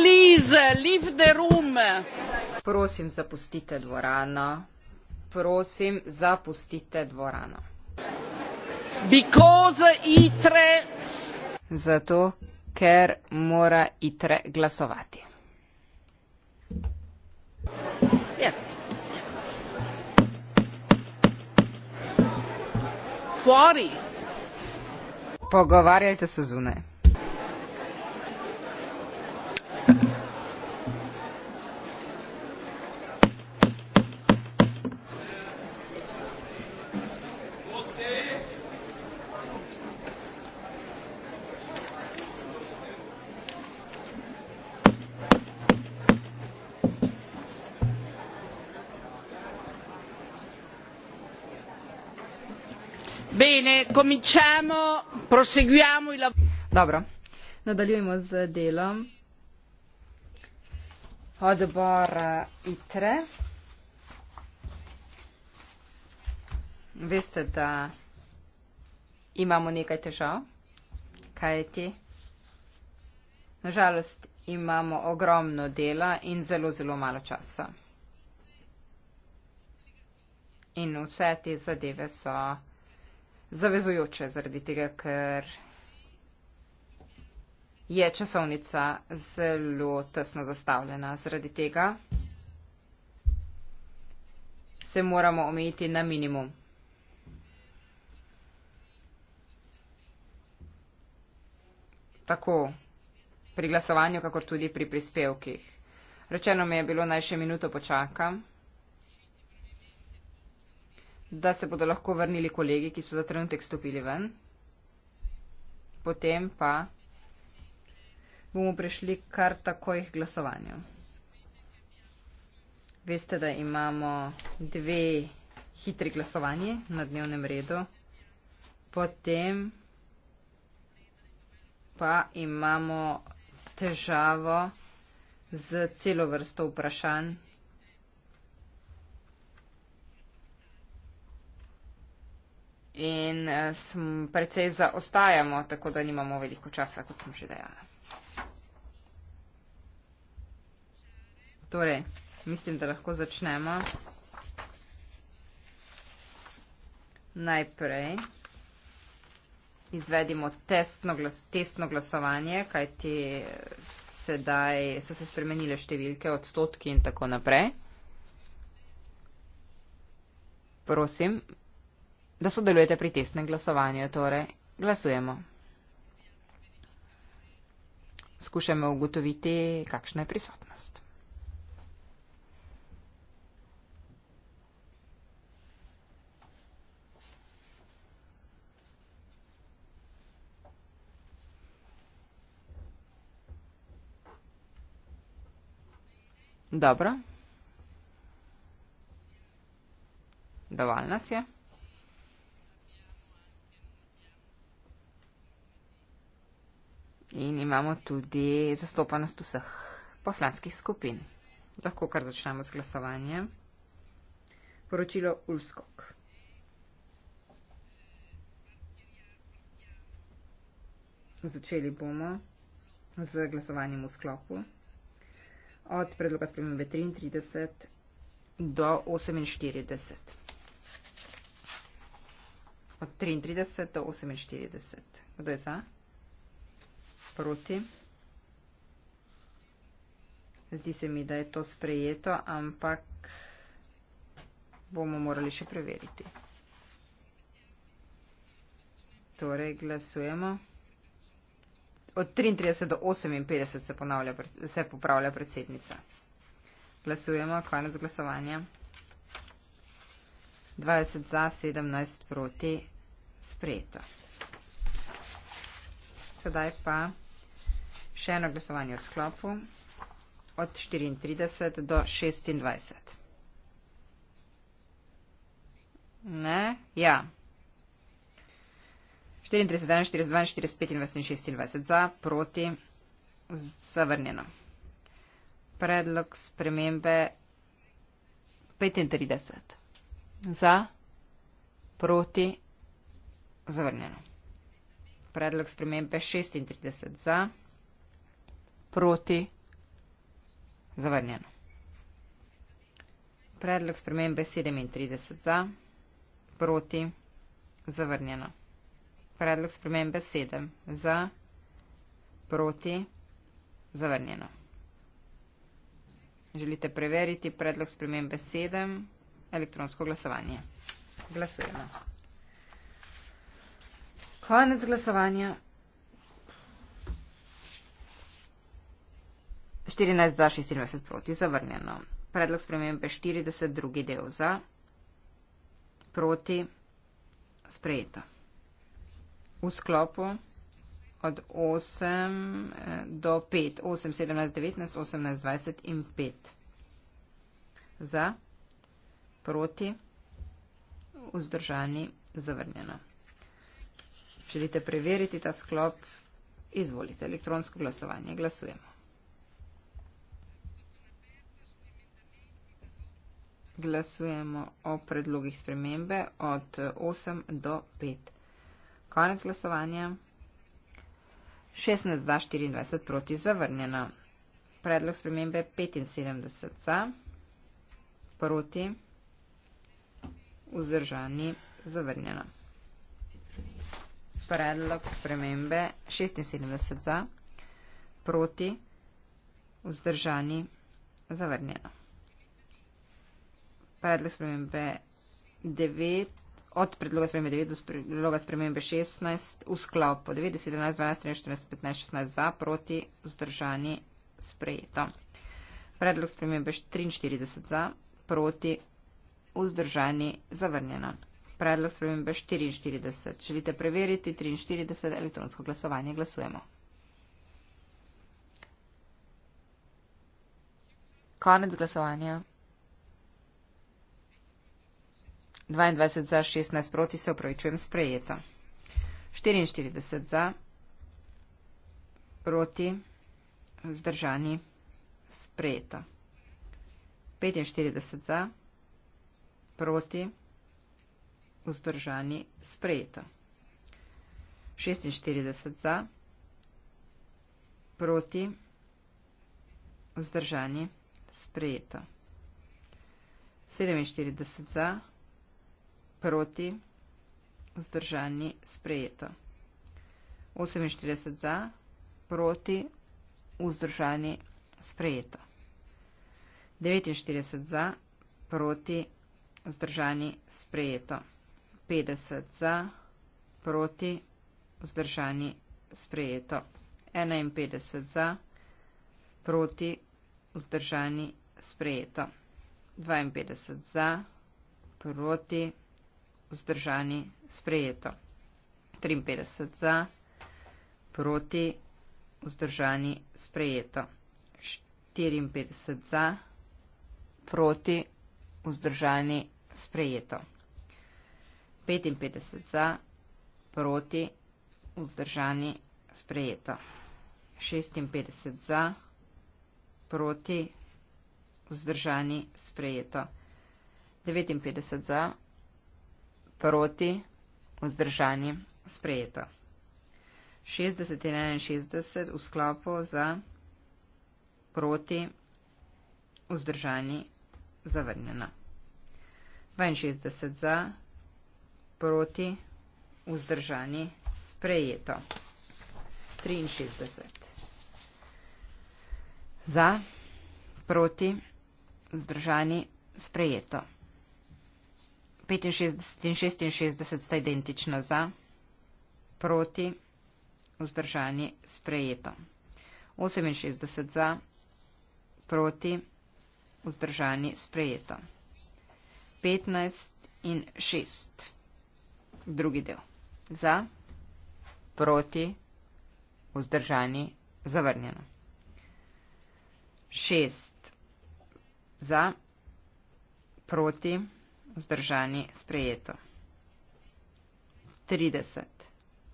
please uh, leave the room. Prosim, zapustite dvorano. Prosim, zapustite dvorano. Because itre. Zato, ker mora itre glasovati. Ja. Fori. Pogovarjajte se zunaj. cominciamo proseguiamo il dobro nadaljujemo z delom odbor eh, itre veste da imamo nekaj težav kajti nažalost imamo ogromno dela in zelo zelo malo časa in vse te zadeve so zavezujoče, zaradi tega, ker je časovnica zelo tesno zastavljena. Zaradi tega se moramo omejiti na minimum. Tako pri glasovanju, kakor tudi pri prispevkih. Rečeno mi je bilo naj še minuto počakam da se bodo lahko vrnili kolegi, ki so za trenutek stopili ven. Potem pa bomo prišli kar takoj k glasovanju. Veste, da imamo dve hitri glasovanje na dnevnem redu. Potem pa imamo težavo z celo vrsto vprašanj in eh, sm, precej zaostajamo, tako da nimamo veliko časa, kot sem že dejala. Torej, mislim, da lahko začnemo. Najprej izvedimo testno, glas, testno glasovanje, kajti eh, sedaj so se spremenile številke, odstotki in tako naprej. Prosim, da sodelujete pri testnem glasovanju. Torej, glasujemo. Skušamo ugotoviti, kakšna je prisotnost. Dobro. Dovolj nas je. In imamo tudi zastopanost vseh poslanskih skupin. Lahko kar začnemo z glasovanjem. Poročilo Ulskok. Začeli bomo z glasovanjem v sklopu od predloga spremembe 33 do 48. Od 33 do 48. Kdo je za? proti. Zdi se mi, da je to sprejeto, ampak bomo morali še preveriti. Torej, glasujemo. Od 33 do 58 se, ponavlja, se popravlja predsednica. Glasujemo, konec glasovanja. 20 za, 17 proti, sprejeto. Sedaj pa. Še eno glasovanje v sklopu od 34 do 26. Ne? Ja. 34, 41, 42, 45 in 26 za, proti, zavrnjeno. Predlog spremembe 35 za, proti, zavrnjeno. Predlog spremembe 36 za proti, zavrnjeno. Predlog spremembe 37 za, proti, zavrnjeno. Predlog spremembe 7 za, proti, zavrnjeno. Želite preveriti predlog spremembe 7, elektronsko glasovanje. Glasujemo. Konec glasovanja. 14 za, 26 proti, zavrnjeno. Predlog spremembe 40, drugi del za, proti, sprejeto. V sklopu od 8 eh, do 5, 8, 17, 19, 18, 20 in 5. Za, proti, vzdržani, zavrnjeno. Želite preveriti ta sklop? Izvolite elektronsko glasovanje. Glasujemo. glasujemo o predlogih spremembe od 8 do 5. Konec glasovanja. 16 za 24 proti zavrnjeno. Predlog spremembe 75 za proti vzdržani zavrnjeno. Predlog spremembe 76 za proti vzdržani zavrnjeno predlog spremembe 9, od predloga spremembe 9 do predloga spremembe 16, v sklopu 9, 10, 11, 12, 13, 14, 15, 16 za, proti, vzdržani, sprejeto. Predlog spremembe 43 za, proti, vzdržani, zavrnjeno. Predlog spremembe 44. Želite preveriti 43 elektronsko glasovanje? Glasujemo. Konec glasovanja. 22 za, 16 proti, se upravičujem, sprejeto. 44 za, proti, vzdržani, sprejeto. 45 za, proti, vzdržani, sprejeto. 46 za, proti, vzdržani, sprejeto. 47 za, proti, vzdržani, sprejeto proti, vzdržani, sprejeto. 48 za, proti, vzdržani, sprejeto. 49 za, proti, vzdržani, sprejeto. 50 za, proti, vzdržani, sprejeto. 51 za, proti, vzdržani, sprejeto. 52 za, proti, vzdržani, sprejeto vzdržani, sprejeto. 53 za, proti, vzdržani, sprejeto. 54 za, proti, vzdržani, sprejeto. 55 za, proti, vzdržani, sprejeto. 56 za, proti, vzdržani, sprejeto. 59 za, proti, vzdržani, sprejeto. 60 in 61 v sklopu za proti, vzdržani, zavrnjeno. 62 za proti, vzdržani, sprejeto. 63 za proti, vzdržani, sprejeto. 65 in 66 sta identična za, proti, vzdržani, sprejeto. 68 za, proti, vzdržani, sprejeto. 15 in 6. Drugi del. Za, proti, vzdržani, zavrnjeno. 6 za, proti, vzdržani vzdržani sprejeto. 30.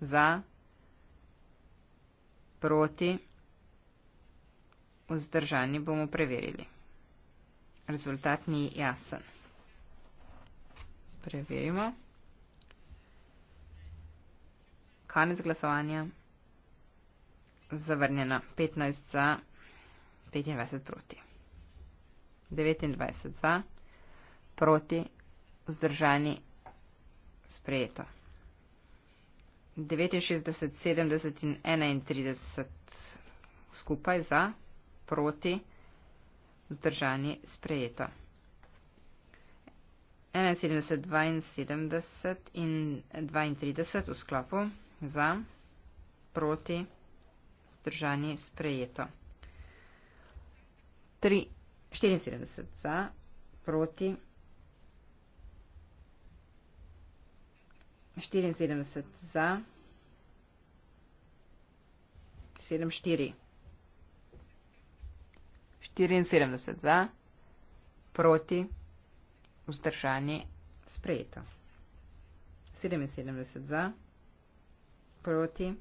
Za, proti, vzdržani bomo preverili. Rezultat ni jasen. Preverimo. Kanec glasovanja. Zavrnjeno 15 za, 25 proti. 29 za, proti vzdržani sprejeto. 69, 70 in 31 skupaj za, proti, vzdržani sprejeto. 71, 72 in 32 v sklopu za, proti, vzdržani sprejeto. 3, 74 za, proti, vzdržani sprejeto. 74 za, 7 4. 74 za, proti, vzdržanje, sprejeto. 77 za, proti,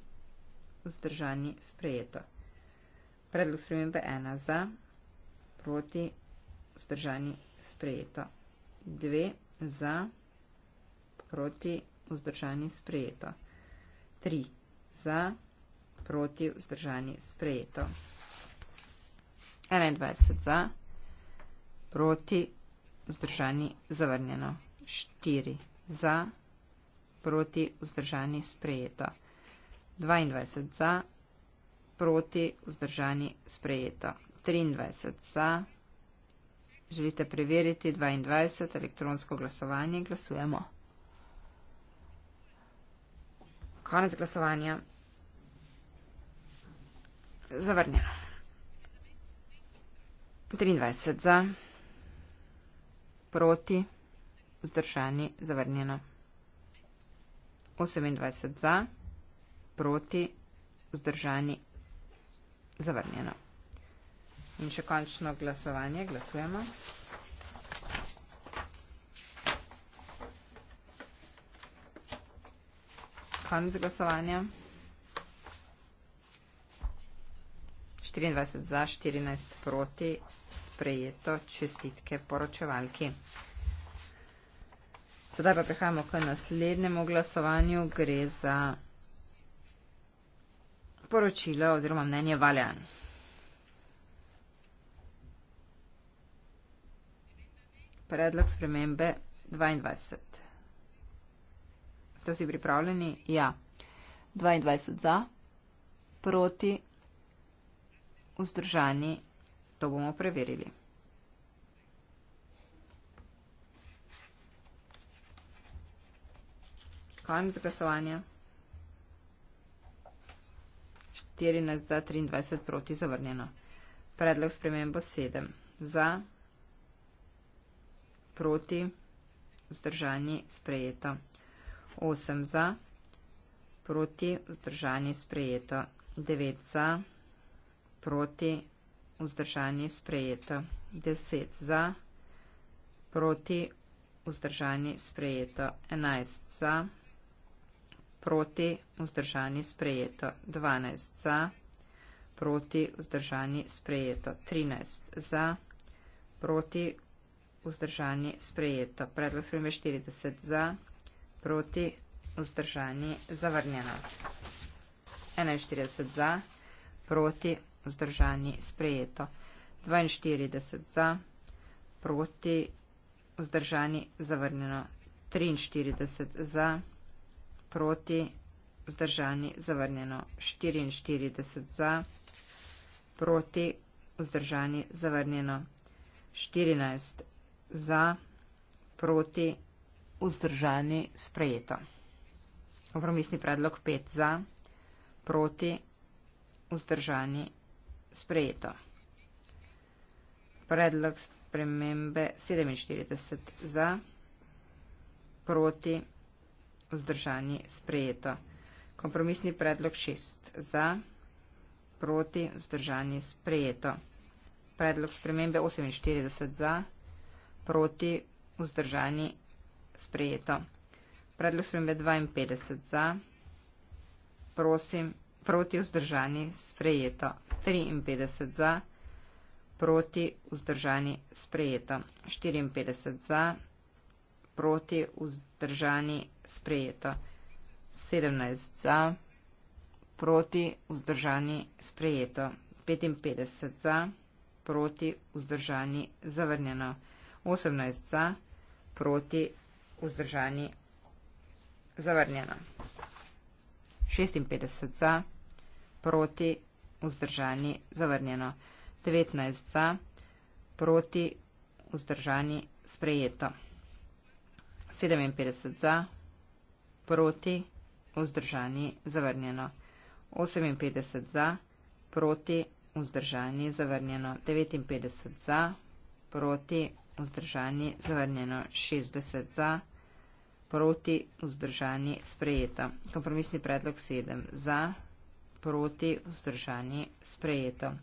vzdržanje, sprejeto. Predlog spremembe 1 za, proti, vzdržanje, sprejeto. 2 za, proti, vzdržanje vzdržani sprejeto. 3. Za, proti, vzdržani sprejeto. 21. Za, proti, vzdržani zavrnjeno. 4. Za, proti, vzdržani sprejeto. 22. Za, proti, vzdržani sprejeto. 23. Za, želite preveriti 22 elektronsko glasovanje, glasujemo. Konec glasovanja. Zavrnjeno. 23 za. Proti. Vzdržani. Zavrnjeno. 28 za. Proti. Vzdržani. Zavrnjeno. In še končno glasovanje. Glasujemo. konc glasovanja. 24 za, 14 proti, sprejeto čestitke poročevalki. Sedaj pa prihajamo k naslednjemu glasovanju, gre za poročilo oziroma mnenje Valjan. Predlog spremembe 22. Ste vsi pripravljeni? Ja. 22 za, proti, vzdržani, to bomo preverili. Konec glasovanja. 14 za, 23 proti, zavrnjeno. Predlog spremembo 7 za, proti, vzdržani, sprejeto. 8 za, proti, vzdržani, sprejeto. 9 za, proti, vzdržani, sprejeto. 10 za, proti, vzdržani, sprejeto. 11 za, proti, vzdržani, sprejeto. 12 za, proti, vzdržani, sprejeto. 13 za, proti, vzdržani, sprejeto. Predlog 40 za, proti, vzdržani, zavrnjeno. 41 za, proti, vzdržani, sprejeto. 42 za, proti, vzdržani, zavrnjeno. 43 za, proti, vzdržani, zavrnjeno. 44 za, proti, vzdržani, zavrnjeno. 14 za, proti, vzdržani, zavrnjeno vzdržani sprejeto. Kompromisni predlog 5 za, proti, vzdržani sprejeto. Predlog spremembe 47 za, proti, vzdržani sprejeto. Kompromisni predlog 6 za, proti, vzdržani sprejeto. Predlog spremembe 48 za, proti, vzdržani sprejeto sprejeto. Predlog spremembe 52 za, prosim, proti vzdržani sprejeto. 53 za, proti vzdržani sprejeto. 54 za, proti vzdržani sprejeto. 17 za, proti vzdržani sprejeto. 55 za, proti vzdržani zavrnjeno. 18 za, proti vzdržani zavrnjeno. 56 za, proti, vzdržani zavrnjeno. 19 za, proti, vzdržani sprejeto. 57 za, proti, vzdržani zavrnjeno. 58 za, proti, vzdržani zavrnjeno. 59 za, proti, vzdržani, zavrnjeno 60 za, proti, vzdržani, sprejeta. Kompromisni predlog 7 za, proti, vzdržani, sprejeta.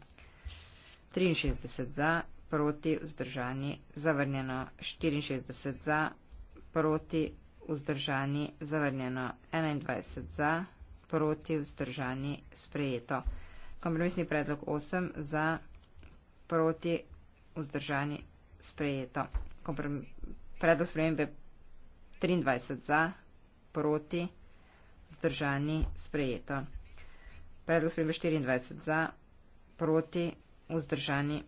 63 za, proti, vzdržani, zavrnjeno 64 za, proti, vzdržani, zavrnjeno 21 za, proti, vzdržani, sprejeto. Kompromisni predlog 8 za, proti, vzdržani, sprejeto. Predlog spremembe 23 za, proti, vzdržani, sprejeto. Predlog spremembe 24 za, proti, vzdržani.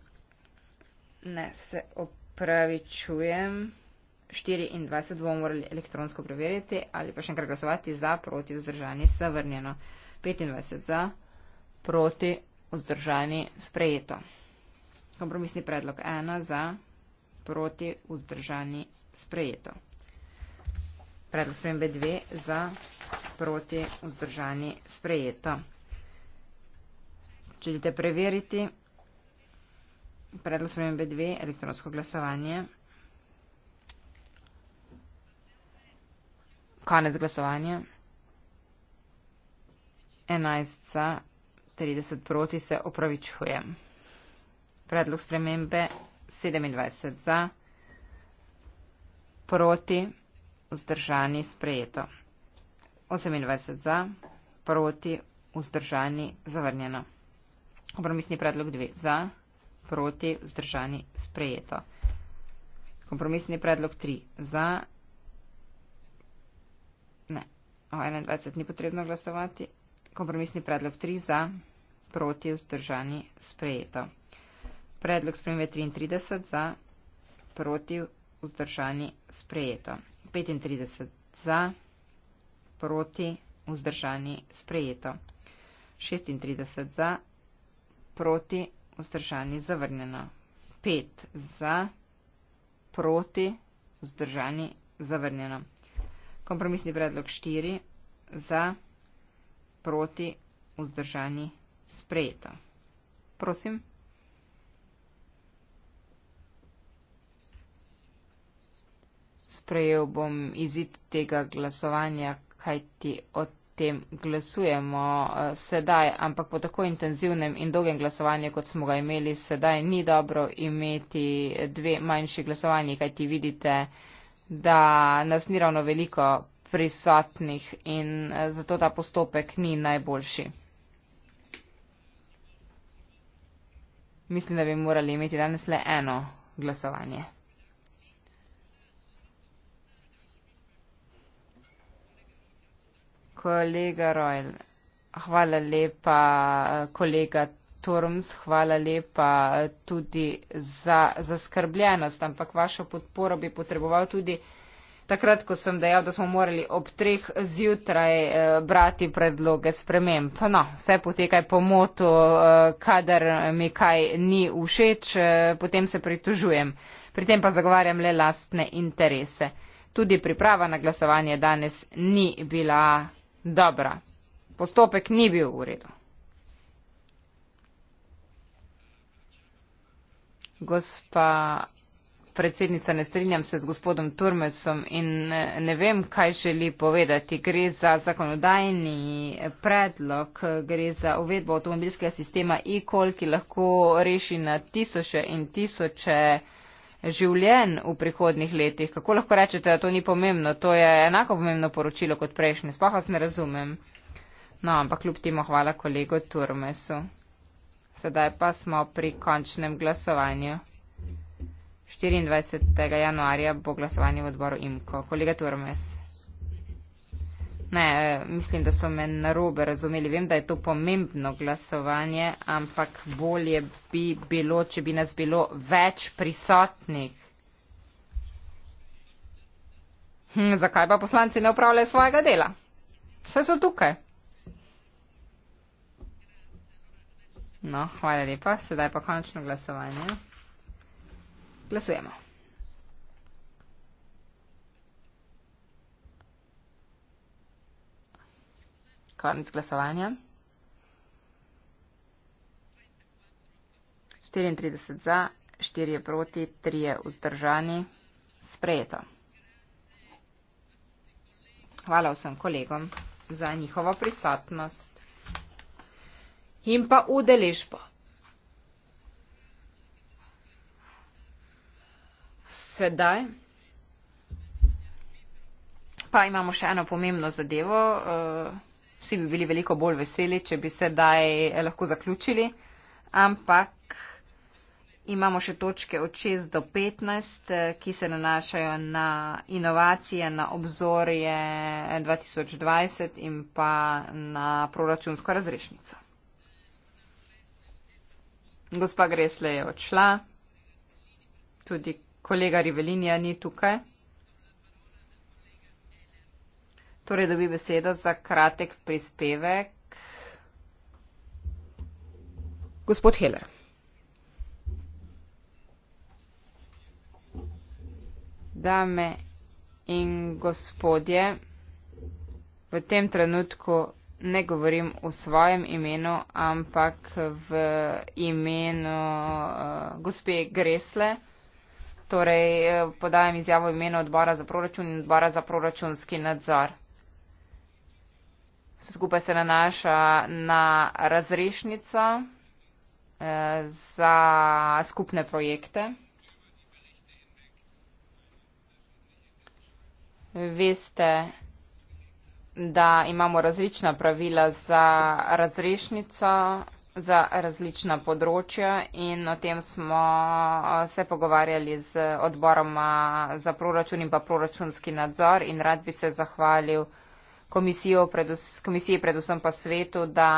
Ne, se opravičujem. 24 bomo morali elektronsko preveriti ali pa še enkrat glasovati za, proti, vzdržani, zavrnjeno. 25 za, proti, vzdržani, sprejeto. Kompromisni predlog 1 za, proti vzdržani sprejeto. Predlog spremembe 2 za proti vzdržani sprejeto. Če želite preveriti predlog spremembe 2 elektronsko glasovanje, konec glasovanja, 11 za 30 proti se opravičujem. Predlog spremembe 27 za, proti, vzdržani, sprejeto. 28 za, proti, vzdržani, zavrnjeno. Kompromisni predlog 2 za, proti, vzdržani, sprejeto. Kompromisni predlog 3 za. Ne, o 21 ni potrebno glasovati. Kompromisni predlog 3 za, proti, vzdržani, sprejeto. Predlog spremembe 33 za, proti vzdržani sprejeto. 35 za, proti vzdržani sprejeto. 36 za, proti vzdržani zavrnjeno. 5 za, proti vzdržani zavrnjeno. Kompromisni predlog 4 za, proti vzdržani sprejeto. Prosim. sprejel bom izid tega glasovanja, kajti o tem glasujemo eh, sedaj, ampak po tako intenzivnem in dolgem glasovanju, kot smo ga imeli sedaj, ni dobro imeti dve manjši glasovanji, kajti vidite, da nas ni ravno veliko prisotnih in eh, zato ta postopek ni najboljši. Mislim, da bi morali imeti danes le eno glasovanje. kolega Royal. Hvala lepa, kolega Torms, hvala lepa tudi za zaskrbljenost, ampak vašo podporo bi potreboval tudi takrat, ko sem dejal, da smo morali ob treh zjutraj eh, brati predloge sprememb. No, vse potekaj po motu, eh, kadar mi kaj ni všeč, eh, potem se pritožujem. Pri tem pa zagovarjam le lastne interese. Tudi priprava na glasovanje danes ni bila Dobra, postopek ni bil v redu. Gospa predsednica, ne strinjam se z gospodom Turmesom in ne vem, kaj želi povedati. Gre za zakonodajni predlog, gre za uvedbo avtomobilskega sistema e-call, ki lahko reši na tisoče in tisoče življenj v prihodnih letih. Kako lahko rečete, da to ni pomembno? To je enako pomembno poročilo kot prejšnje. Spah vas ne razumem. No, ampak kljub temu hvala kolego Turmesu. Sedaj pa smo pri končnem glasovanju. 24. januarja bo glasovanje v odboru IMKO. Kolega Turmes. Ne, mislim, da so me narobe razumeli. Vem, da je to pomembno glasovanje, ampak bolje bi bilo, če bi nas bilo več prisotnih. Hm, zakaj pa poslanci ne upravljajo svojega dela? Vse so tukaj. No, hvala lepa, sedaj pa končno glasovanje. Glasujemo. konec glasovanja. 34 za, 4 je proti, 3 je vzdržani. Sprejeto. Hvala vsem kolegom za njihovo prisotnost in pa udeležbo. Sedaj pa imamo še eno pomembno zadevo. Uh, vsi bi bili veliko bolj veseli, če bi se daj eh, lahko zaključili, ampak imamo še točke od 6 do 15, eh, ki se nanašajo na inovacije, na obzorje 2020 in pa na proračunsko razrešnico. Gospa Gresle je odšla, tudi kolega Rivelinja ni tukaj. Torej, dobi besedo za kratek prispevek. Gospod Heller. Dame in gospodje, v tem trenutku ne govorim v svojem imenu, ampak v imenu uh, gospe Gresle. Torej, eh, podajam izjavo v imenu odbora za proračun in odbora za proračunski nadzor skupaj se nanaša na razrešnico eh, za skupne projekte. Veste, da imamo različna pravila za razrešnico, za različna področja in o tem smo eh, se pogovarjali z odborom za proračun in pa proračunski nadzor in rad bi se zahvalil komisiji, predvsem pa svetu, da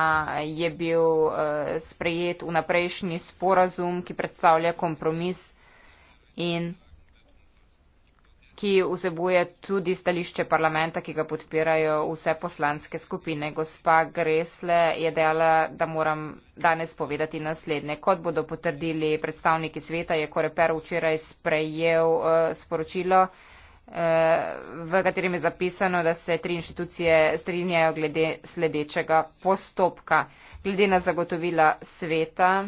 je bil eh, sprejet vnaprejšnji sporazum, ki predstavlja kompromis in ki vsebuje tudi stališče parlamenta, ki ga podpirajo vse poslanske skupine. Gospa Gresle je dejala, da moram danes povedati naslednje. Kot bodo potrdili predstavniki sveta, je Koreper včeraj sprejel uh, sporočilo, uh, v katerem je zapisano, da se tri inštitucije strinjajo glede sledečega postopka. Glede na zagotovila sveta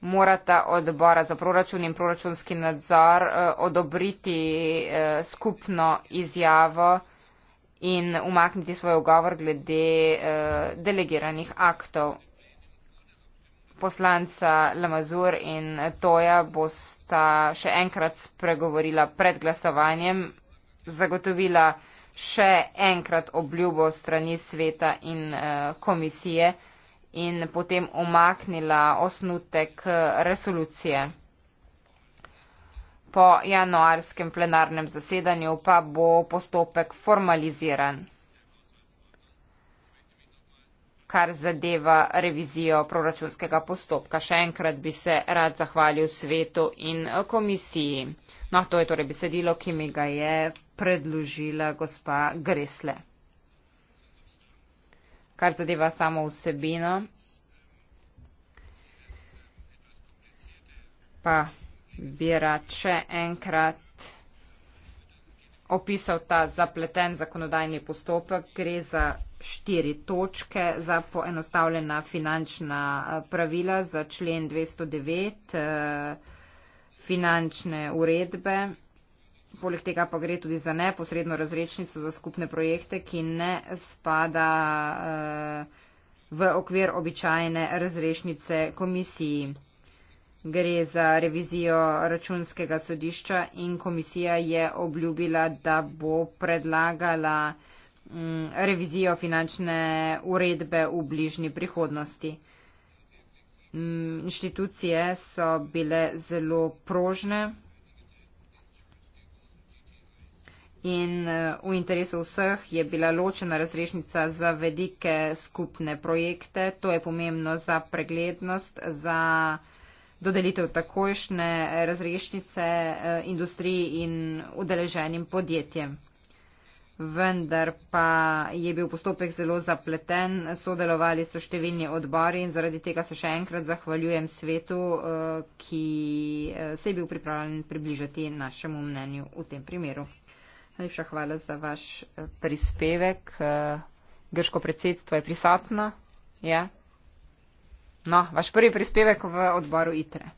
morata odbora za proračun in proračunski nadzor eh, odobriti eh, skupno izjavo in umakniti svoj ugovor glede eh, delegiranih aktov poslanca Lamazur in Toja bosta še enkrat spregovorila pred glasovanjem, zagotovila še enkrat obljubo strani sveta in eh, komisije in potem omaknila osnutek eh, resolucije. Po januarskem plenarnem zasedanju pa bo postopek formaliziran kar zadeva revizijo proračunskega postopka. Še enkrat bi se rad zahvalil svetu in komisiji. No, to je torej besedilo, ki mi ga je predložila gospa Gresle. Kar zadeva samo vsebino, pa bi rad še enkrat opisal ta zapleten zakonodajni postopek, gre za štiri točke za poenostavljena finančna eh, pravila za člen 209 eh, finančne uredbe. Poleg tega pa gre tudi za neposredno razrečnico za skupne projekte, ki ne spada eh, v okvir običajne razrešnice komisiji. Gre za revizijo računskega sodišča in komisija je obljubila, da bo predlagala Mm, revizijo finančne uredbe v bližnji prihodnosti. Mm, inštitucije so bile zelo prožne in eh, v interesu vseh je bila ločena razrešnica za velike skupne projekte. To je pomembno za preglednost, za dodelitev takojšnje razrešnice eh, industriji in udeleženim podjetjem vendar pa je bil postopek zelo zapleten, sodelovali so številni odbori in zaradi tega se še enkrat zahvaljujem svetu, eh, ki eh, se je bil pripravljen približati našemu mnenju v tem primeru. Najlepša hvala za vaš eh, prispevek. Grško predsedstvo je prisotno. Ja. No, vaš prvi prispevek v odboru ITRE.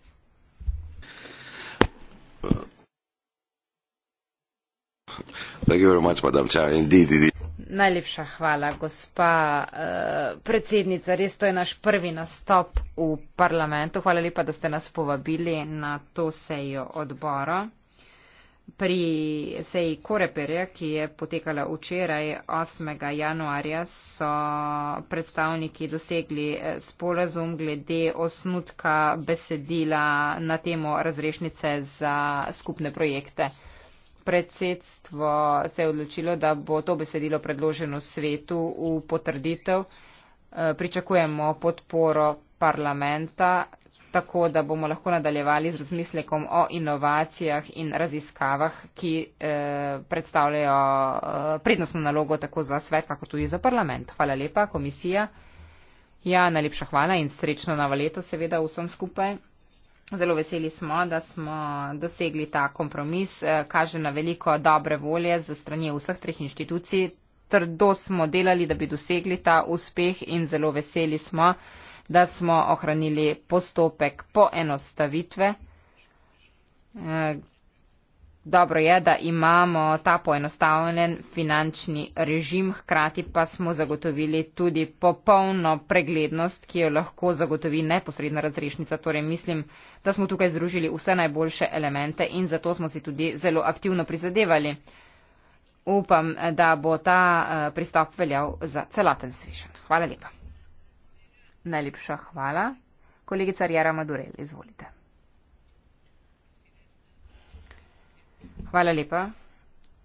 Najlepša hvala, gospa uh, predsednica. Res to je naš prvi nastop v parlamentu. Hvala lepa, da ste nas povabili na to sejo odbora. Pri seji Koreperja, ki je potekala včeraj 8. januarja, so predstavniki dosegli eh, sporazum glede osnutka besedila na temo razrešnice za skupne projekte predsedstvo se je odločilo, da bo to besedilo predloženo svetu v potrditev. Eh, pričakujemo podporo parlamenta, tako da bomo lahko nadaljevali z razmislekom o inovacijah in raziskavah, ki eh, predstavljajo eh, prednostno nalogo tako za svet, kako tudi za parlament. Hvala lepa, komisija. Ja, najlepša hvala in srečno novo leto seveda vsem skupaj. Zelo veseli smo, da smo dosegli ta kompromis, eh, kaže na veliko dobre volje za strani vseh treh inštitucij. Trdo smo delali, da bi dosegli ta uspeh in zelo veseli smo, da smo ohranili postopek poenostavitve, eh, Dobro je, da imamo ta poenostavljen finančni režim, hkrati pa smo zagotovili tudi popolno preglednost, ki jo lahko zagotovi neposredna razrešnica. Torej mislim, da smo tukaj združili vse najboljše elemente in zato smo si tudi zelo aktivno prizadevali. Upam, da bo ta eh, pristop veljal za celoten svišen. Hvala lepa. Najlepša hvala. Kolegica Rjera Madurel, izvolite. Hvala lepa.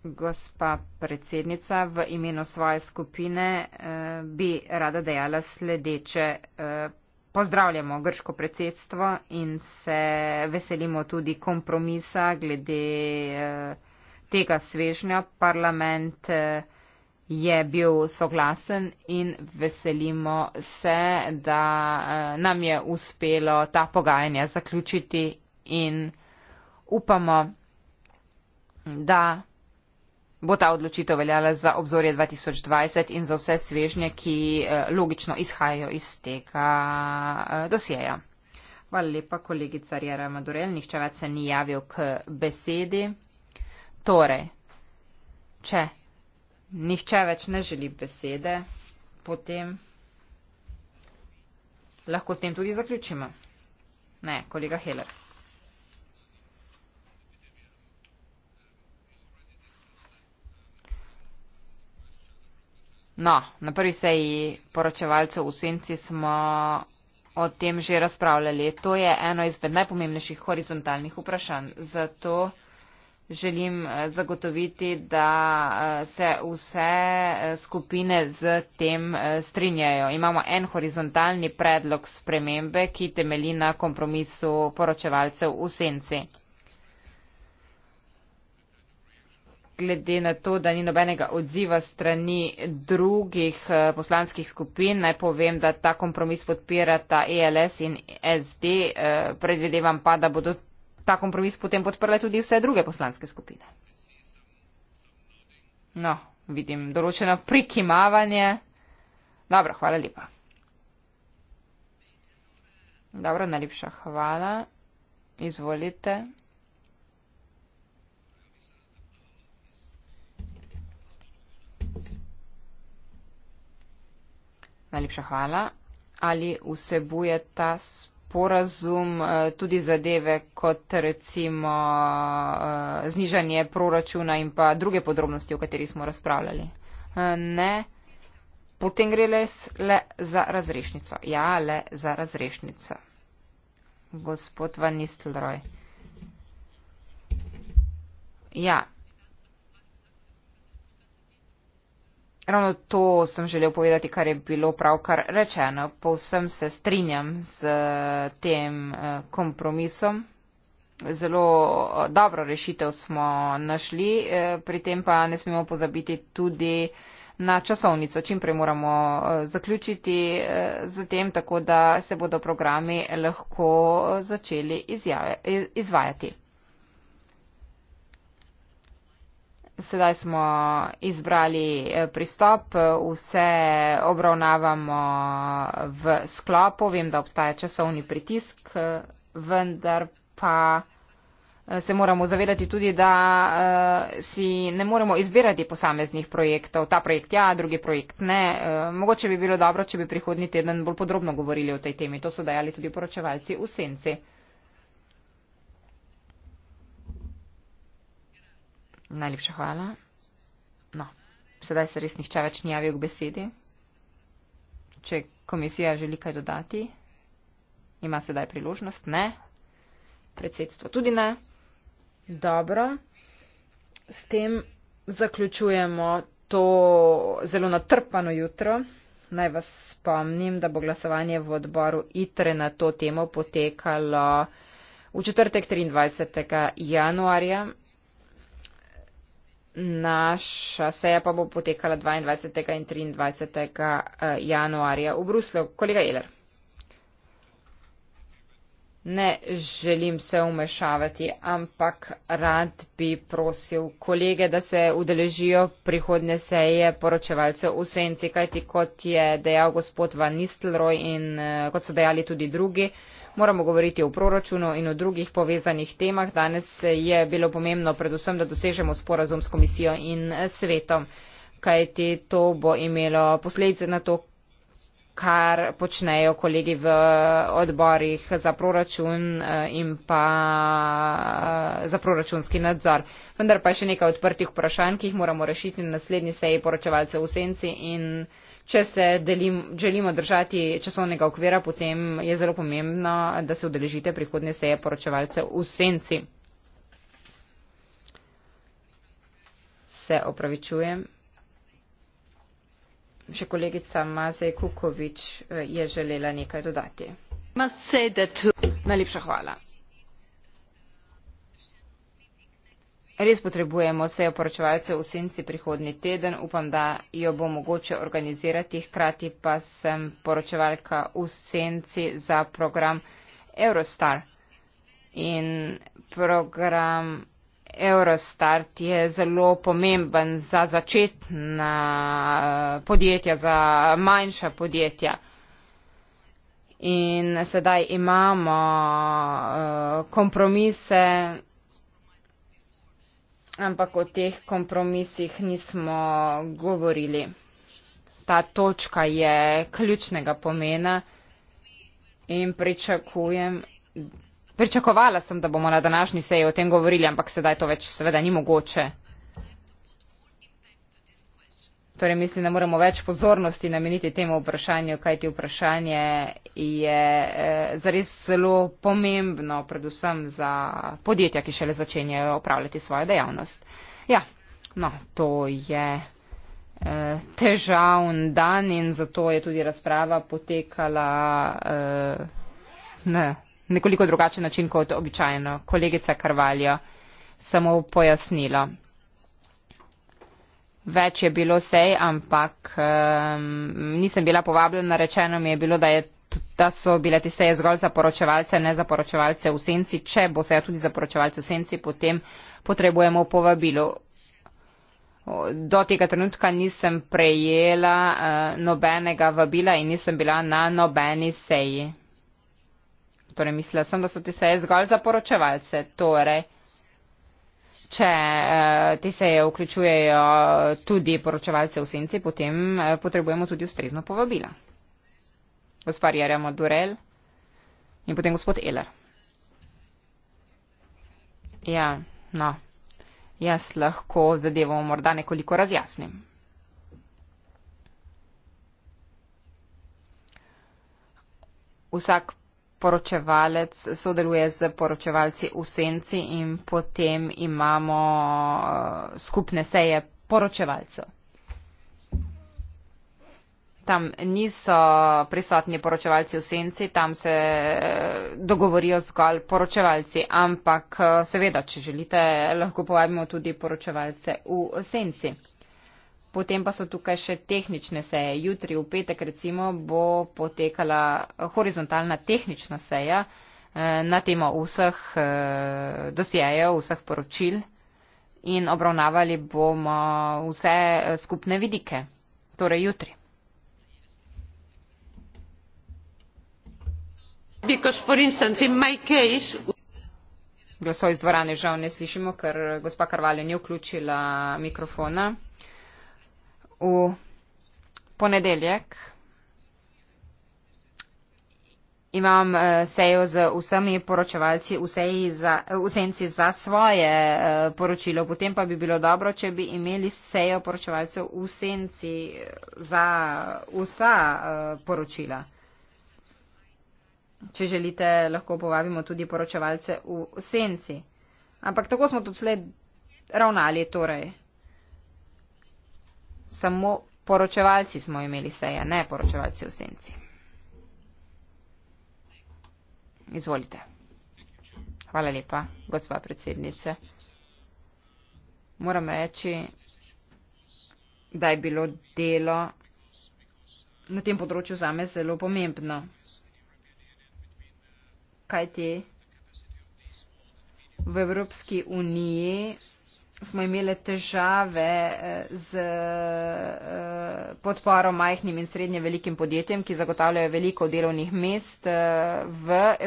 Gospa predsednica, v imenu svoje skupine eh, bi rada dejala sledeče. Eh, Pozdravljamo grško predsedstvo in se veselimo tudi kompromisa glede eh, tega svežnja. Parlament eh, je bil soglasen in veselimo se, da eh, nam je uspelo ta pogajanja zaključiti in upamo, da bo ta odločitev veljala za obzorje 2020 in za vse svežnje, ki eh, logično izhajajo iz tega eh, dosjeja. Hvala lepa, kolegica Rjera Madurel. Nihče več se ni javil k besedi. Torej, če nihče več ne želi besede, potem lahko s tem tudi zaključimo. Ne, kolega Heller. No, na prvi seji poročevalcev v senci smo o tem že razpravljali. To je eno izmed najpomembnejših horizontalnih vprašanj. Zato želim eh, zagotoviti, da eh, se vse eh, skupine z tem strinjajo. Imamo en horizontalni predlog spremembe, ki temeli na kompromisu poročevalcev v senci. glede na to, da ni nobenega odziva strani drugih eh, poslanskih skupin. Naj povem, da ta kompromis podpirata ELS in SD. Eh, predvidevam pa, da bodo ta kompromis potem podprle tudi vse druge poslanske skupine. No, vidim določeno prikimavanje. Dobro, hvala lepa. Dobro, najlepša hvala. Izvolite. Najlepša hvala. Ali vsebuje ta sporazum eh, tudi zadeve kot recimo eh, znižanje proračuna in pa druge podrobnosti, o katerih smo razpravljali? Eh, ne. Potem gre les le za razrešnico. Ja, le za razrešnico. Gospod Van Nistelroj. Ja, Ravno to sem želel povedati, kar je bilo pravkar rečeno. Povsem se strinjam z tem eh, kompromisom. Zelo eh, dobro rešitev smo našli, eh, pri tem pa ne smemo pozabiti tudi na časovnico. Čim prej moramo zaključiti z tem, tako da se bodo programi lahko začeli izjave, izvajati. sedaj smo izbrali eh, pristop, eh, vse obravnavamo v sklopu, vem, da obstaja časovni pritisk, eh, vendar pa se moramo zavedati tudi, da si ne moremo izbirati posameznih projektov. Ta projekt ja, drugi projekt ne. Mogoče bi bilo dobro, če bi prihodnji teden bolj podrobno govorili o tej temi. To so dajali tudi poročevalci v senci. Najlepša hvala. No, sedaj se res nihče več ni javil k besedi. Če komisija želi kaj dodati, ima sedaj priložnost. Ne, predsedstvo tudi ne. Dobro, s tem zaključujemo to zelo natrpano jutro. Naj vas spomnim, da bo glasovanje v odboru ITRE na to temo potekalo v četrtek 23. januarja. Naša seja pa bo potekala 22. in 23. Eh, januarja v Bruslju. Kolega Jeler. Ne želim se umešavati, ampak rad bi prosil kolege, da se udeležijo prihodne seje poročevalcev v senci, kajti kot je dejal gospod Van Nistelrooy in eh, kot so dejali tudi drugi, moramo govoriti o proračunu in o drugih povezanih temah. Danes je bilo pomembno predvsem, da dosežemo sporazum s komisijo in svetom, kajti to bo imelo posledice na to, kar počnejo kolegi v odborih za proračun eh, in pa eh, za proračunski nadzor. Vendar pa je še nekaj odprtih vprašanj, ki jih moramo rešiti na naslednji seji poročevalcev v Senci in Če se delim, želimo držati časovnega okvira, potem je zelo pomembno, da se udeležite prihodne seje poročevalce v senci. Se opravičujem. Še kolegica Mazej Kukovič eh, je želela nekaj dodati. Najlepša hvala. Res potrebujemo sejo poročevalcev v senci prihodni teden. Upam, da jo bo mogoče organizirati. Hkrati pa sem poročevalka v senci za program Eurostar. In program Eurostar je zelo pomemben za začetna eh, podjetja, za manjša podjetja. In sedaj imamo uh, kompromise ampak o teh kompromisih nismo govorili. Ta točka je ključnega pomena in pričakujem, pričakovala sem, da bomo na današnji seji o tem govorili, ampak sedaj to več seveda ni mogoče. Torej mislim, da moramo več pozornosti nameniti temu vprašanju, kajti vprašanje je eh, zares zelo pomembno, predvsem za podjetja, ki šele začenjajo opravljati svojo dejavnost. Ja, no, to je eh, težavn dan in zato je tudi razprava potekala eh, na nekoliko drugačen način kot običajno. Kolegica Karvaljo, samo pojasnilo. Več je bilo sej, ampak um, nisem bila povabljena, rečeno mi je bilo, da, je, da so bile te seje zgolj za poročevalce, ne za poročevalce v senci. Če bo seja tudi za poročevalce v senci, potem potrebujemo povabilo. Do tega trenutka nisem prejela uh, nobenega vabila in nisem bila na nobeni seji. Torej, mislila sem, da so te seje zgolj za poročevalce. Torej, Če eh, te seje vključujejo tudi poročevalce v senci, potem eh, potrebujemo tudi ustrezno povabila. Gospod Jaremo Durel in potem gospod Eler. Ja, no, jaz lahko zadevo morda nekoliko razjasnim. Vsak poročevalec sodeluje z poročevalci v senci in potem imamo eh, skupne seje poročevalcev. Tam niso prisotni poročevalci v senci, tam se eh, dogovorijo zgolj poročevalci, ampak eh, seveda, če želite, lahko povabimo tudi poročevalce v senci. Potem pa so tukaj še tehnične seje. Jutri v petek recimo bo potekala horizontalna tehnična seja eh, na temo vseh eh, dosjejev, vseh poročil in obravnavali bomo vse eh, skupne vidike. Torej jutri. Glasov iz dvorane žal ne slišimo, ker gospa Karvalja ni vključila mikrofona v ponedeljek. Imam uh, sejo z vsemi poročevalci v eh, senci za svoje uh, poročilo. Potem pa bi bilo dobro, če bi imeli sejo poročevalcev v senci za vsa uh, poročila. Če želite, lahko povabimo tudi poročevalce v senci. Ampak tako smo tudi sled ravnali, torej samo poročevalci smo imeli seje, ne poročevalci v senci. Izvolite. Hvala lepa, gospa predsednice. Moram reči, da je bilo delo na tem področju zame zelo pomembno. Kaj ti? V Evropski uniji smo imeli težave eh, z eh, podporo majhnim in srednje velikim podjetjem, ki zagotavljajo veliko delovnih mest eh, v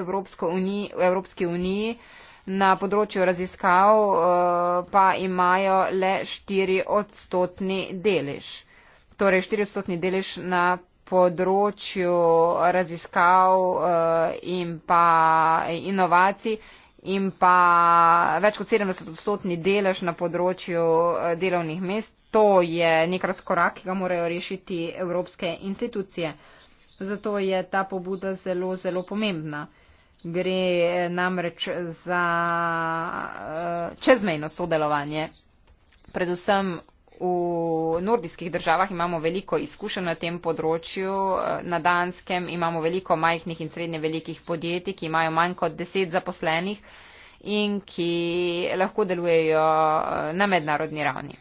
uniji, Evropski uniji. Na področju raziskav pa imajo le 4 odstotni delež. Torej 4 odstotni delež na področju raziskav in pa inovacij in pa več kot 70 odstotni delež na področju eh, delovnih mest. To je nek razkorak, ki ga morajo rešiti evropske institucije. Zato je ta pobuda zelo, zelo pomembna. Gre eh, namreč za eh, čezmejno sodelovanje, predvsem v nordijskih državah imamo veliko izkušenj na tem področju, na Danskem imamo veliko majhnih in srednje velikih podjetij, ki imajo manj kot deset zaposlenih in ki lahko delujejo eh, na mednarodni ravni.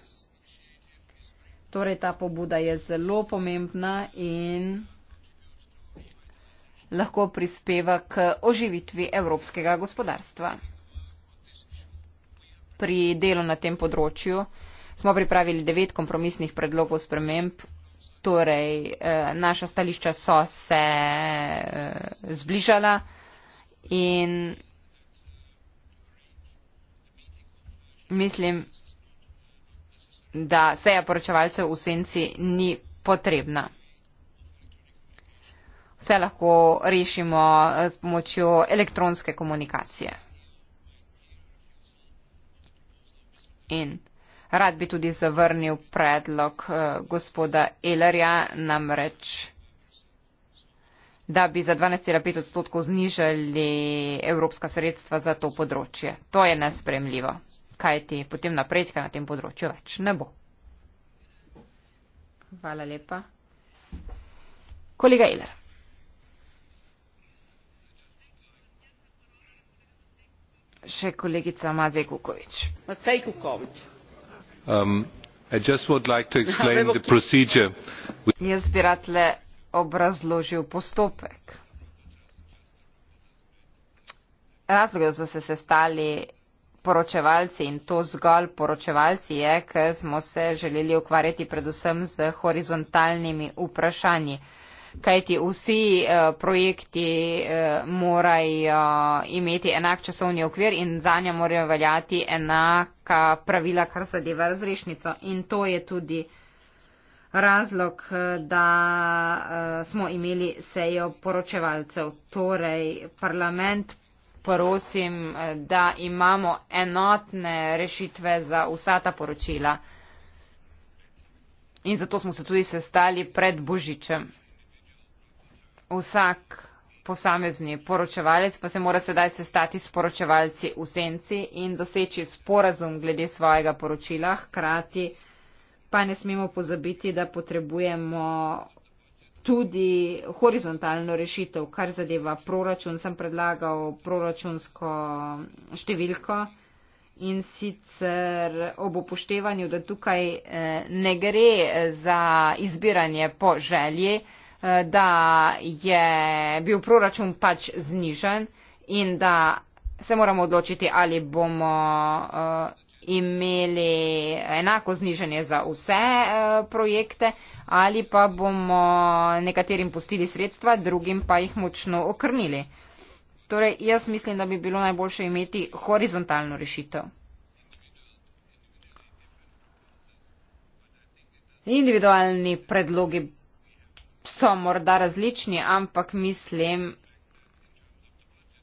Torej, ta pobuda je zelo pomembna in lahko prispeva k oživitvi evropskega gospodarstva. Pri delu na tem področju smo pripravili devet kompromisnih predlogov sprememb. Torej, eh, naša stališča so se eh, zbližala in mislim, da seja poročevalcev v senci ni potrebna. Vse lahko rešimo eh, s pomočjo elektronske komunikacije. In rad bi tudi zavrnil predlog eh, gospoda Elerja, namreč da bi za 12,5 odstotkov znižali evropska sredstva za to področje. To je nespremljivo, kajti potem napredka na tem področju več ne bo. Hvala lepa. Kolega Iler. Še kolegica Mazej Kukovič. Mazej Kukovič. Um, jaz bi rad le obrazložil postopek razlog da so se sestali poročevalci in to zgolj poročevalci je ker smo se želeli ukvarjati predvsem s horizontalnimi vprašanji kajti vsi eh, projekti eh, morajo eh, imeti enak časovni okvir in za njo morajo veljati enaka pravila, kar zadeva razrešnico. In to je tudi razlog, eh, da eh, smo imeli sejo poročevalcev. Torej, parlament. Prosim, eh, da imamo enotne rešitve za vsa ta poročila. In zato smo se tudi sestali pred Božičem vsak posamezni poročevalec pa se mora sedaj sestati s poročevalci v senci in doseči sporazum glede svojega poročila. Hkrati pa ne smemo pozabiti, da potrebujemo tudi horizontalno rešitev, kar zadeva proračun. Sem predlagal proračunsko številko. In sicer ob upoštevanju, da tukaj eh, ne gre za izbiranje po želji, Eh, da je bil proračun pač znižen in da se moramo odločiti, ali bomo eh, imeli enako znižanje za vse eh, projekte ali pa bomo nekaterim pustili sredstva, drugim pa jih močno okrnili. Torej, jaz mislim, da bi bilo najboljše imeti horizontalno rešitev. Individualni predlogi so morda različni, ampak mislim,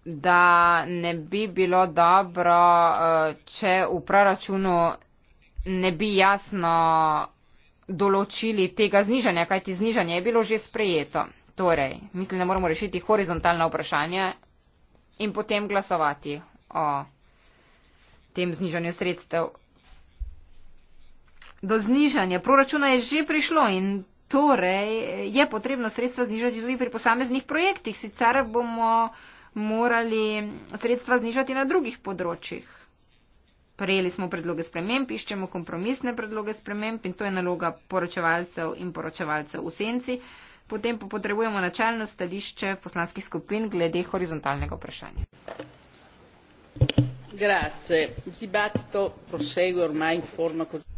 da ne bi bilo dobro, eh, če v proračunu ne bi jasno določili tega znižanja, kajti znižanje je bilo že sprejeto. Torej, mislim, da moramo rešiti horizontalno vprašanje in potem glasovati o tem znižanju sredstev. Do znižanja proračuna je že prišlo in Torej je potrebno sredstva znižati tudi pri posameznih projektih, sicer bomo morali sredstva znižati na drugih področjih. Prejeli smo predloge sprememb, iščemo kompromisne predloge sprememb in to je naloga poročevalcev in poročevalcev v senci. Potem pa potrebujemo načelno stališče poslanskih skupin glede horizontalnega vprašanja.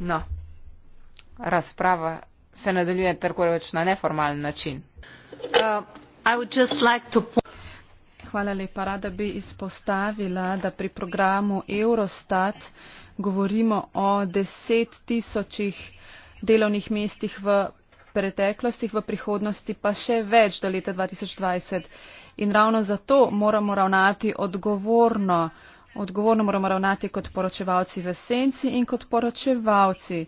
No, razprava se nadaljuje tako več na neformalen način. Uh, Hvala lepa. Rada bi izpostavila, da pri programu Eurostat govorimo o deset tisočih delovnih mestih v preteklosti, v prihodnosti pa še več do leta 2020. In ravno zato moramo ravnati odgovorno. Odgovorno moramo ravnati kot poročevalci v senci in kot poročevalci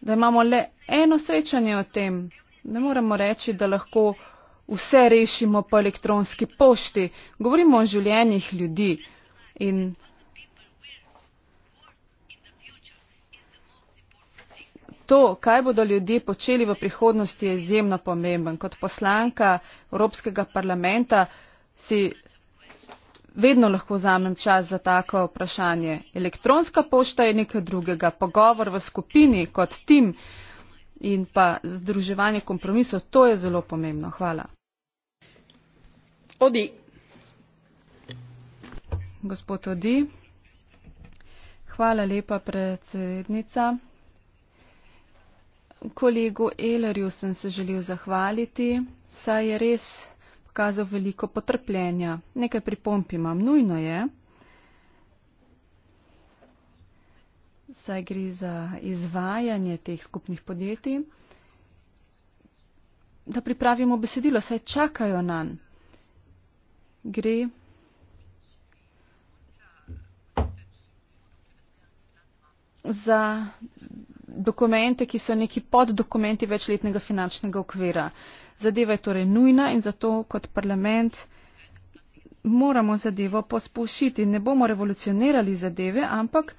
da imamo le eno srečanje o tem. Ne moremo reči, da lahko vse rešimo po elektronski pošti. Govorimo o življenjih ljudi in to, kaj bodo ljudje počeli v prihodnosti, je izjemno pomemben. Kot poslanka Evropskega parlamenta si vedno lahko vzamem čas za tako vprašanje. Elektronska pošta je nekaj drugega, pogovor v skupini kot tim in pa združevanje kompromisov, to je zelo pomembno. Hvala. Odi. Gospod Odi. Hvala lepa, predsednica. Kolegu Elerju sem se želel zahvaliti, saj je res izkazal veliko potrpljenja. Nekaj pripomp imam. Nujno je, saj gre za izvajanje teh skupnih podjetij, da pripravimo besedilo, saj čakajo nanj. Gre za dokumente, ki so neki poddokumenti večletnega finančnega okvira. Zadeva je torej nujna in zato kot parlament moramo zadevo pospušiti. Ne bomo revolucionirali zadeve, ampak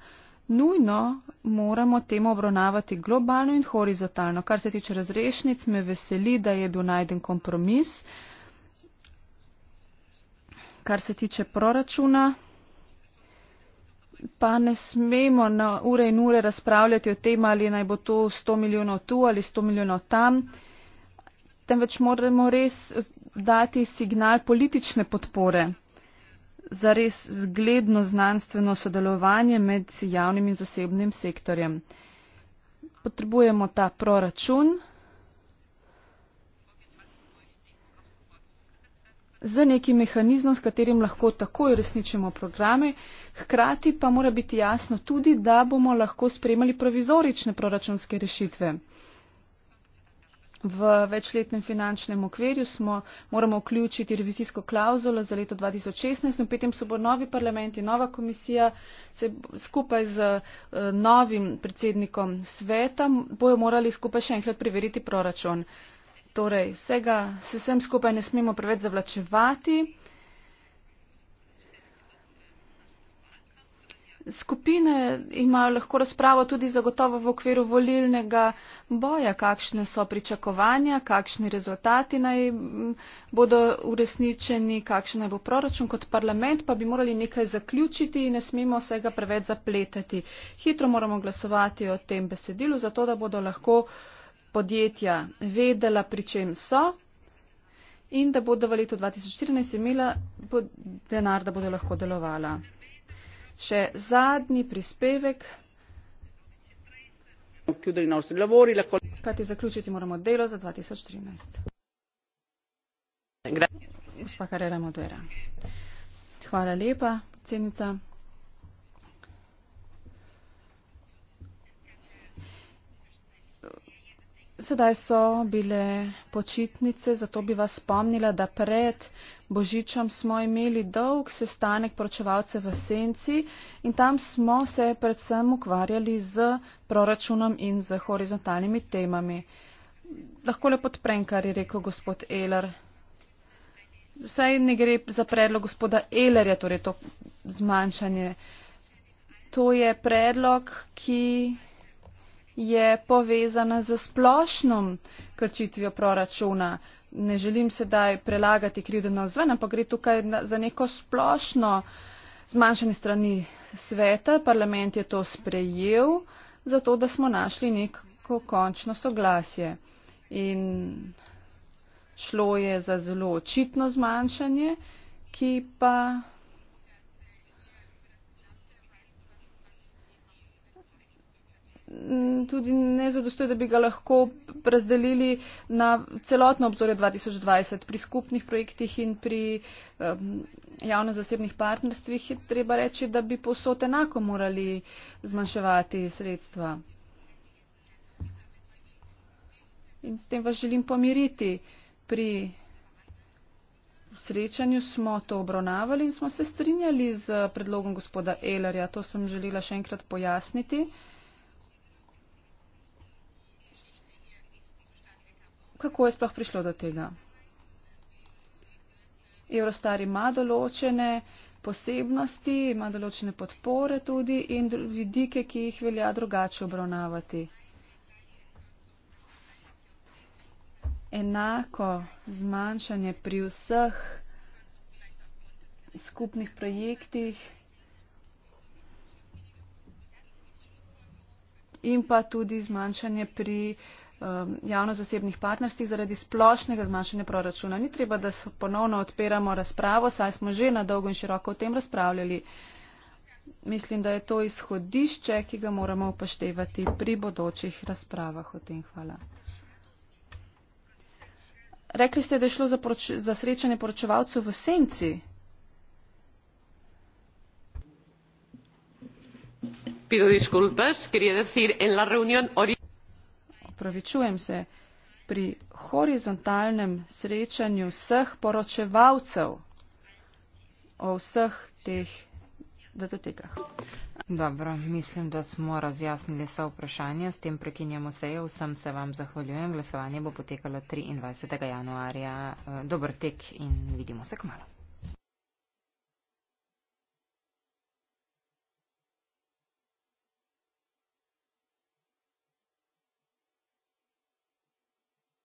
nujno moramo temo obravnavati globalno in horizontalno. Kar se tiče razrešnic, me veseli, da je bil najden kompromis. Kar se tiče proračuna, pa ne smemo na ure in ure razpravljati o tem, ali naj bo to 100 milijonov tu ali 100 milijonov tam temveč moramo res dati signal politične podpore za res zgledno znanstveno sodelovanje med javnim in zasebnim sektorjem. Potrebujemo ta proračun z nekim mehanizmom, s katerim lahko takoj uresničimo programe, hkrati pa mora biti jasno tudi, da bomo lahko spremali provizorične proračunske rešitve. V večletnem finančnem okvirju smo, moramo vključiti revizijsko klauzulo za leto 2016 in potem so bo novi parlament in nova komisija se, skupaj z uh, novim predsednikom sveta bojo morali skupaj še enkrat preveriti proračun. Torej, vsega, se vsem skupaj ne smemo preveč zavlačevati. skupine imajo lahko razpravo tudi zagotovo v okviru volilnega boja, kakšne so pričakovanja, kakšni rezultati naj bodo uresničeni, kakšen naj bo proračun kot parlament, pa bi morali nekaj zaključiti in ne smemo vsega preveč zapletati. Hitro moramo glasovati o tem besedilu, zato da bodo lahko podjetja vedela, pri čem so in da bodo v letu 2014 imela denar, da bodo lahko delovala. Še zadnji prispevek. Kajti zaključiti moramo delo za 2013. Gospa Karela Modera. Hvala lepa, cenica. Sedaj so bile počitnice, zato bi vas spomnila, da pred Božičem smo imeli dolg sestanek poročevalce v Senci in tam smo se predvsem ukvarjali z proračunom in z horizontalnimi temami. Lahko le podprem, kar je rekel gospod Eler. Vsaj ne gre za predlog gospoda Elerja, torej to zmanjšanje. To je predlog, ki je povezana z splošno krčitvijo proračuna. Ne želim sedaj prelagati krivde na zven, ampak gre tukaj za neko splošno zmanjšanje strani sveta. Parlament je to sprejel, zato da smo našli neko končno soglasje. In šlo je za zelo očitno zmanjšanje, ki pa tudi ne zadostuje, da bi ga lahko razdelili na celotno obzorje 2020. Pri skupnih projektih in pri um, javno-zasebnih partnerstvih je treba reči, da bi posod enako morali zmanjševati sredstva. In s tem vas želim pomiriti. Pri srečanju smo to obravnavali in smo se strinjali z predlogom gospoda Elerja. To sem želela še enkrat pojasniti. kako je sploh prišlo do tega. Eurostar ima določene posebnosti, ima določene podpore tudi in vidike, ki jih velja drugače obravnavati. Enako zmanjšanje pri vseh skupnih projektih in pa tudi zmanjšanje pri uh, Um, javno-zasebnih partnerstvih zaradi splošnega zmanjšanja proračuna. Ni treba, da ponovno odpiramo razpravo, saj smo že na dolgo in široko o tem razpravljali. Mislim, da je to izhodišče, ki ga moramo upoštevati pri bodočih razpravah o tem. Hvala. Rekli ste, da je šlo za, poroč za srečanje poročevalcev v senci. Pido disculpas, quería decir, en la reunión opravičujem se, pri horizontalnem srečanju vseh poročevalcev o vseh teh datotekah. Dobro, mislim, da smo razjasnili vse vprašanja. S tem prekinjamo sejo. Vsem se vam zahvaljujem. Glasovanje bo potekalo 23. januarja. Eh, Dobr tek in vidimo se k malu.